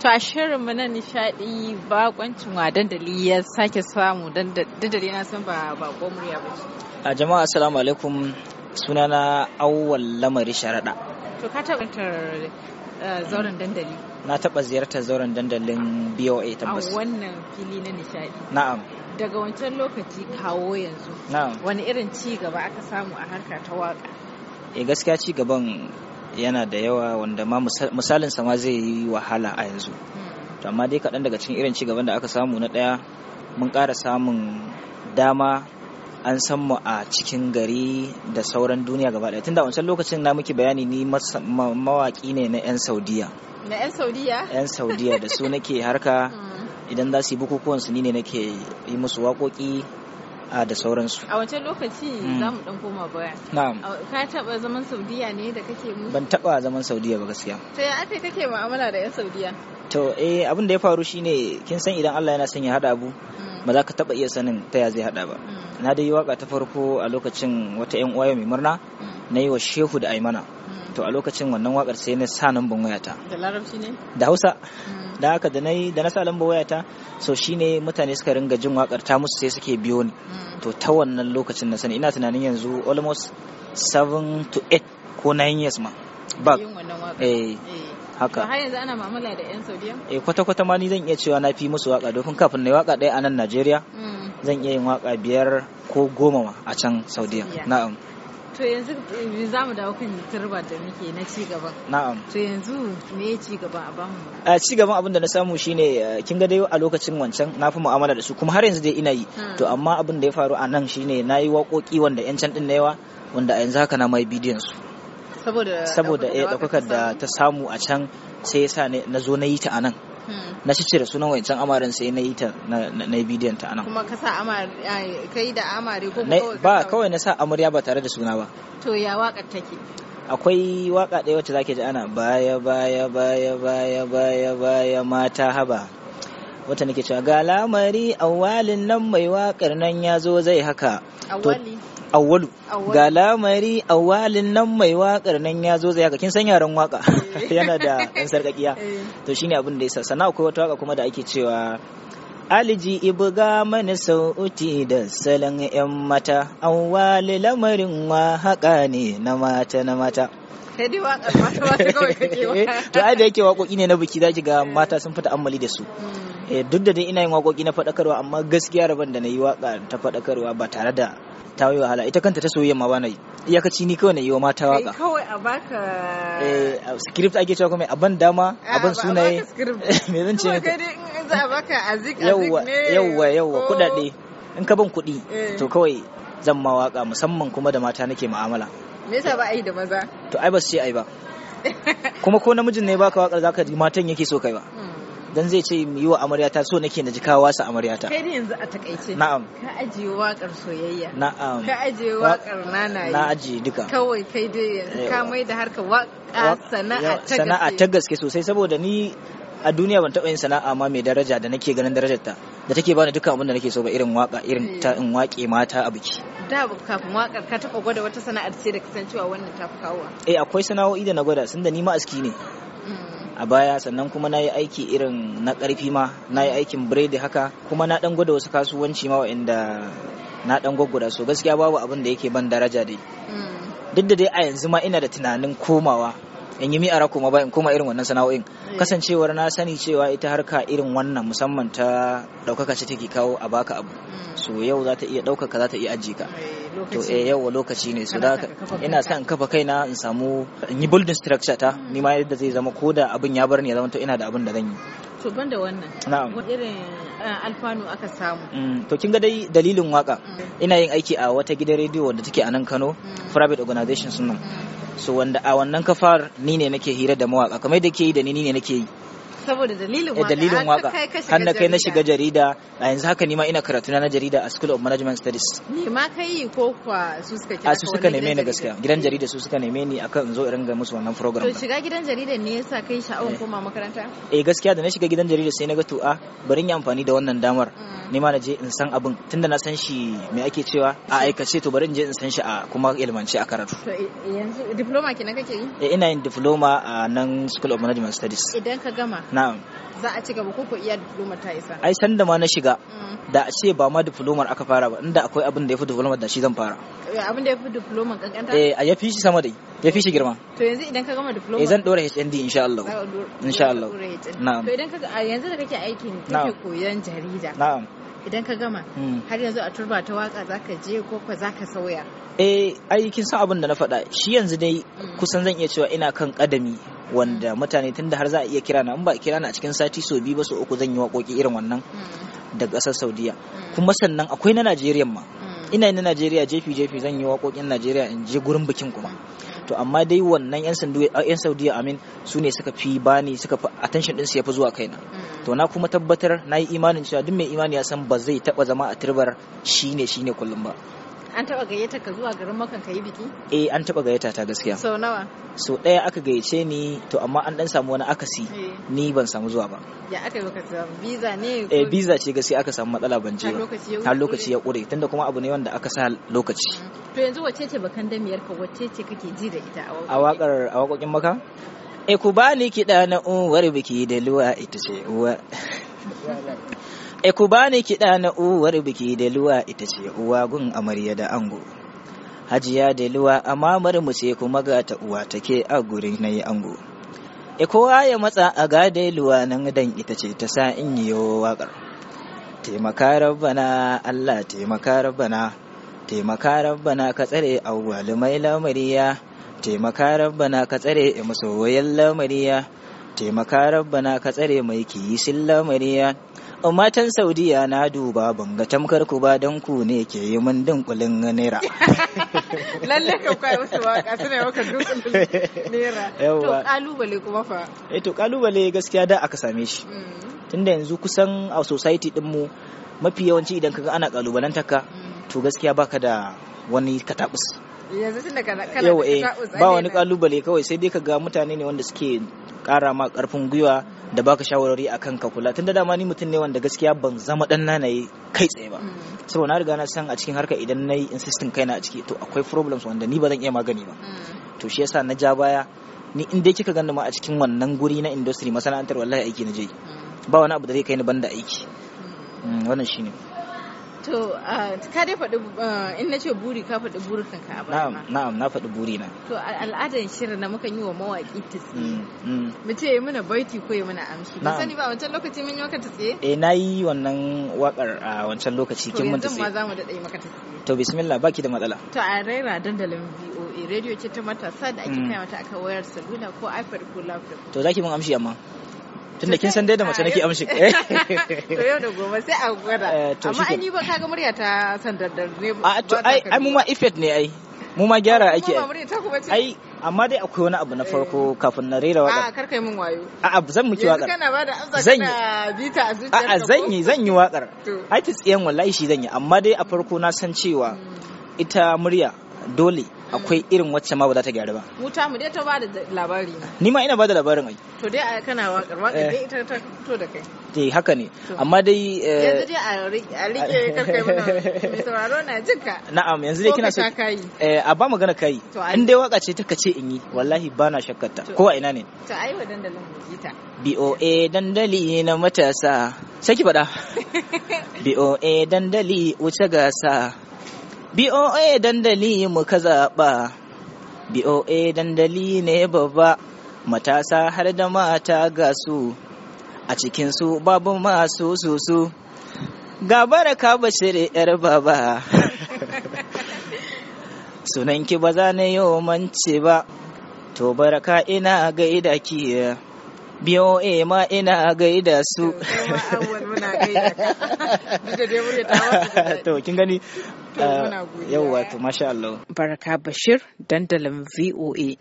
To a shirin na nishadi bakoncin wa dandali ya sake samu dandali na san ba bako murya ba ce. A jama'a assalamu alaikum sunana awwal lamari sharaɗa. To ka tabbatar eh, zauren dandali? Na taɓa ziyartar zauren dandalin BOA tabbas. A wannan fili na nishadi. Na'am. Daga wancan lokaci kawo yanzu. Na'am. Wani irin ci gaba aka samu a harka ta waka? Eh gaskiya ci gaban yana da yawa wanda ma misalin sama zai yi wahala a yanzu to amma dai kaɗan daga cikin irin cigaban da aka samu na ɗaya mun ƙara samun dama an san mu a cikin gari da sauran duniya gaba ɗaya tunda wancan lokacin na muke bayani ni mawaƙi ne na 'yan saudiya na 'yan saudiya 'yan saudiya da su nake harka hmm. idan za su yi bukukuwan su ni ne nake yi musu waƙoƙi da sauransu a wancan lokaci hmm. za mu dan koma baya na'am ka taba zaman saudiya ne da kake mu ban taba zaman saudiya ba gaskiya to ya ake kake mu'amala da yan saudiya to eh abin da ya faru shine kin san idan Allah yana son ya hada abu hmm. ba za ka taba iya sanin ta ya zai hada ba hmm. na dai waka ta farko a lokacin wata yan uwa mai murna na yi wa shehu da aimana to a lokacin wannan wakar sai na sa nan ban wayata da larabci ne da hausa da haka da na da na sa lamba wayata so shine mutane suka ringa jin wakar ta musu sai suke biyo ni mm. to ta wannan lokacin na sani ina tunanin yanzu almost 7 to 8 ko 9 years ma ba eh, eh haka har yanzu ana mamala da yan saudiya eh kwata kwata ma ni zan iya cewa na fi musu waka domin kafin na waka ɗaya a nan Najeriya mm. zan iya yin waka biyar ko goma a can saudiya na'am to yanzu eh, za mu dawo kan turba da muke na ci na'am to yanzu me ya ci a bamu a ci gaban abin da na samu shine eh, kin ga dai a lokacin wancan na fi mu'amala da su kuma har yanzu dai ina yi hmm. to amma abin da ya faru a nan shine na yi waƙoƙi wanda yan can din na yawa wanda a yanzu haka na mai bidiyon su saboda saboda eh, ɗaukakar da ta samu a can sai yasa na zo na yi ta a nan Hmm. na cire sunan wancan amarin sai na yi ta na bidiyon ta anan kuma ka sa amare kai da amare ko ba kawai na sa amarya ba tare da suna ba to ya wakar take akwai waka ɗaya wacce zake ji ana baya baya baya baya baya baya mata haba wata nake cewa ga lamari awalin nan mai wakar nan ya zo zai haka awwalu ga lamari awalin nan mai wakar nan ya zo zai haka kin san yaran waka eh. yana da dan sarkakiya eh. to shine abin da yasa sana akwai wata waka kuma da ake cewa aliji ibuga mana sauti da salon yan mata awwali lamarin wa haka ne na mata na mata kai waƙar mata mata kawai kake wa eh, to ai da yake waƙoƙi ne na biki zaki ga mata sun fita ammali da su hmm. Eh, duk da dai ina yin waƙoƙi na faɗakarwa amma gaskiya rabon da na yi waƙa ta faɗakarwa ba tare da ta yi wahala ita kanta ta soyayya ma bana iyakaci ni kawai na yi wa mata waƙa kawai a baka eh script ake cewa kuma abin dama abin ah, sunaye me zan ce ka za a baka azik azik ne yawwa yawwa kuɗaɗe in ka ban kuɗi eh. to kawai zan ma waƙa musamman kuma da mata nake mu'amala me yasa ba a yi da maza to ai ba su ce ai ba kuma ko namijin ne baka waƙar zaka matan yake so kai ba hmm. dan zai ce mu yi wa amaryata so nake na ji kawo wasa amaryata kai ne yanzu a takaice na'am ka aje wakar soyayya na'am ka ajiye wakar nanaye na ajiye duka kawai kai dai ka mai da harka waka sana'a ta gaske sana'a ta gaske sosai saboda ni a duniya ban taɓa yin sana'a ma mai daraja da nake ganin darajar ta da take bani dukkan abin da nake so ba irin waka irin ta in wake mata a biki da kafin wakar ka taɓa gwada wata sana'ar ce da kasancewa wannan ta fi kawo eh akwai sana'o'i da na gwada sun da ni ma aski ne a baya sannan kuma na yi aiki irin na ƙarfi ma na yi aikin biredi haka kuma na ɗan gwada wasu kasuwanci ma wa'inda na ɗan gwaggwada so gaskiya babu abin da yake ban daraja dai hmm. duk da dai a yanzu ma ina da tunanin komawa in yi mi'ara kuma ba in koma irin wannan sana'o'in eh. kasancewar na sani cewa ita harka irin wannan musamman ta ɗaukaka ce take kawo a baka abu hmm. so yau za ta iya ɗaukaka za ta iya ajiye ka eh, to eh yau lokaci ne so da ina sa in kafa kaina in samu in yi building structure ta hmm. ni ma yadda zai zama ko da abin ya bar ni ya zama to ina da abin da zan yi to banda wannan na'am irin eh, alfanu aka samu hmm. to kin ga dai dalilin waka ina yin aiki a wata gidan rediyo wanda take a nan Kano private organization sun nan so wanda a wannan kafar ni ne nake hira da mawaka kamar da ke yi da ni ne nake yi saboda dalilin eh, waka dalilin waka har na kai na shiga jarida a yanzu haka nima ina karatu na jarida a School of Management Studies ni ma kai ko kwa su suka kira a su suka neme ni gaskiya gidan jarida su suka neme ni akan in zo in ga musu wannan program to shiga gidan jarida ne yasa kai sha'awar eh. koma makaranta eh gaskiya da na shiga gidan jarida sai na ga to a ah, bari in yi amfani da wannan damar mm. ma na je in san abin tunda na san shi me ake cewa a aikace to bari in je in san shi a kuma ilmanci a karatu to eh, yanzu diploma kenan kake yi eh ina yin diploma a nan School of Management Studies idan ka gama na'am za a ci gaba ko iya diploma ta isa ai san da ma na shiga mm. da a ce ba ma diplomar aka fara ba inda akwai abin da ya fi diploma da shi zan fara eh, abin da ya fi diplomar kankanta eh ya fi shi sama dai ya fi shi girma to yanzu idan ka gama diploma eh zan dora HND insha Allah insha Allah na'am to idan ka a yanzu da kake ne kake koyon jarida na'am idan ka gama mm. har yanzu a turba ta waka zaka je ko ko zaka sauya eh ai kin san abin da na faɗa shi yanzu dai mm. kusan zan iya cewa ina kan kadami wanda mutane tunda har za a iya kira in ba kira na a cikin sati so biyu ba so uku zan yi waƙoƙi irin wannan mm. da ƙasar Saudiya mm. kuma sannan akwai na Najeriya ma mm. ina yin na Najeriya jefi jefi zan yi waƙoƙin Najeriya in je gurin bikin kuma to amma dai wannan yan yan Saudiya amin su ne suka fi bani suka fi attention din su fi zuwa kaina to na kuma tabbatar na yi imanin cewa duk mai imani ya san ba zai taɓa zama a turbar shine shine kullum ba an taba gayyata ka zuwa garin makan ka yi biki eh an taba gayyata ta gaskiya so nawa so daya aka gayyace ni to amma an dan samu wani akasi eh. ni ban samu zuwa ba ya aka yi baka zuwa visa ne eh visa ce gaskiya aka samu matsala ban je har lokaci ya kure tunda kuma abu ne wanda aka sa lokaci mm. to yanzu wacce ce bakan damiyar ka wacce ce kake ji da ita a wakar a wakokin maka eh ku bani kiɗa na uwar biki da luwa ita ce uwa E ku bani kiɗa na uwar biki da luwa ita ce uwa gun amarya da ango. Hajiya da luwa a mamar mu ce kuma ga ta uwa take a guri na yi ango. E kowa ya matsa a gada luwa nan dan ita ce ta sa in yi waƙar. Taimaka rabbana Allah taimaka rabbana taimaka rabbana ka tsare awwalumai lamariya taimaka rabbana ka tsare a masoyan lamariya taimaka rabbana ka tsare mai kiyi silla mariya matan saudiya na duba ban ga tamkar ku ba don ku ne ke yi min dunkulin naira lalle ka kai wasu waka suna maka dunkulin naira to kalubale kuma fa eh to kalubale gaskiya da aka same shi mm. tunda yanzu kusan a society din mu mafi yawanci idan kaga ana kalubalantar takka, mm. to gaskiya baka da wani katabus yanzu tunda kana eh, ba wani kalubale kawai sai dai kaga mutane ne wanda suke kara ma ƙarfin gwiwa da baka shawarwari akan ka kula tunda dama ni mutum ne wanda gaskiya ban zama dan nanaye kai tsaye ba mm. saboda na riga na san a cikin harka idan na yi insistin na a ciki to akwai problems wanda ni ba zan iya magani ba mm. to shi yasa na ja baya ni in dai kika ganni ma a cikin wannan guri na industry masana'antar wallahi aiki na je mm. ba wani abu da zai kai ni banda aiki wannan shine To, ka dai faɗi in na ce buri ka faɗi burin ka a baya Na'am, na'am, na faɗi buri na. To, al'adan shirin na muka yi wa mawaƙi ta tsaye. Mm, mm. Mu ce mana baiti ko ya mana amshi. Ba sani ba wancan lokaci mun yi maka ta tsaye? Eh, na yi wannan wakar a wancan lokaci kin mun ta tsaye. To, yanzu ma za mu daɗa yi maka ta tsaye. To, bismillah, baki da matsala. To, a raira dandalin VOA, radio ce ta matasa da ake kai mm. mata aka wayar salula ko iPad ko laptop. To, za ki mun amshi amma. tunda kin san dai da mace nake amshi to yau da gobe sai a gwada eh, amma ai ni ba kaga murya ta san daddare ne ba a to ai ai mu ma effect ne ai mu ma gyara ake ai amma dai akwai wani abu na eh. farko kafin na rera waka a'a karkai yi min wayo a'a zan miki wakar yanzu kana bada amsa zan yi bita a zuciyarka a'a zan yi zan yi wakar ai ta tsiyan wallahi shi zan yi amma dai a farko na san cewa hmm. ita murya dole akwai irin wacce ma ba za ta gyaru ba wuta mu dai ta ba da labari ni ma ina ba da labarin ai to dai kana waƙar waƙar dai eh. ita ta fito da kai dai eh, haka ne amma dai eh, yanzu dai a rike karkai mana sauraro na jinka na'am yanzu dai kina so a ba magana kai in dai waka ce ta kace in yi wallahi ba na shakkarta ko a ina ne To ai wa dandalin gita BOA dandali na matasa sai ki faɗa BOA dandali wuce gasa BOA dandali muka zaɓa, BOA dandali ne babba, matasa har da mata ga su, a cikinsu babu masu susu. Ga baraka bashir ‘yar baba, sunanki ba za na yi mance ba, to baraka ina gaida ki. BOA ma ina gaida su. To gani Eh, yau to masha Allah baraka bashir dandalin VOA